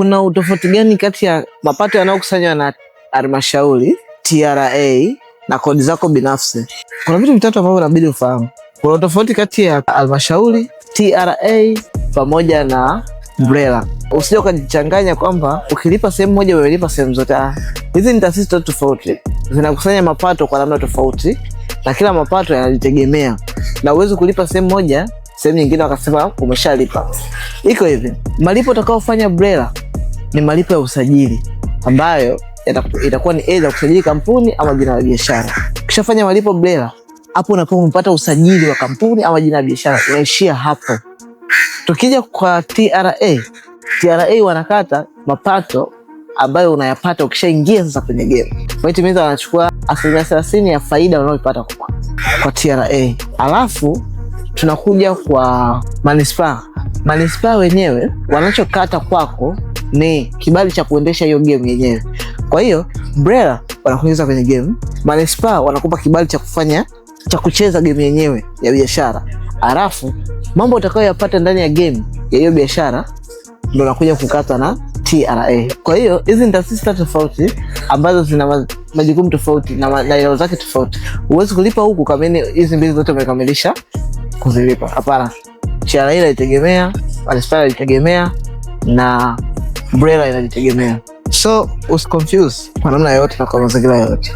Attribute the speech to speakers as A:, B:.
A: kuna utofauti gani kati ya mapato yanayokusanywa na halmashauri TRA na kodi zako binafsi? Kuna vitu vitatu ambavyo inabidi ufahamu. Kuna utofauti kati ya halmashauri TRA pamoja na BRELA. Usije ukajichanganya kwamba ukilipa sehemu moja umelipa sehemu zote. Ah, hizi ni taasisi tatu tofauti, zinakusanya mapato kwa namna tofauti, na kila mapato yanajitegemea, na uwezi kulipa sehemu moja sehemu nyingine wakasema umeshalipa. Iko hivi, malipo utakaofanya BRELA ni malipo ya usajili ambayo itakuwa ni aidha kusajili kampuni ama jina la biashara. Ukishafanya malipo BRELA, hapo unakuwa umepata usajili wa kampuni ama jina la biashara, unaishia hapo. Tukija kwa TRA, TRA wanakata mapato ambayo unayapata ukishaingia sasa kwenye game. Kwa hiyo timiza wanachukua asilimia thelathini ya faida unaoipata kwa, kwa TRA. Alafu tunakuja kwa manispaa. Manispaa wenyewe wanachokata kwako ni kibali cha kuendesha hiyo game yenyewe. Kwa hiyo Brela wanakuingiza kwenye game, manispa wanakupa kibali cha kufanya cha kucheza game yenyewe ya biashara, alafu mambo utakayoyapata ndani ya game ya hiyo biashara ndo nakuja kukata na TRA. Kwa hiyo hizi ni taasisi tofauti ambazo zina majukumu tofauti na eneo zake tofauti. Huwezi kulipa huku kama hizi mbili zote umekamilisha kuzilipa. Hapana, TRA inaitegemea, manispaa inaitegemea na Brela inajitegemea, so usconfuse kwa namna yoyote na kwa mazingira yoyote.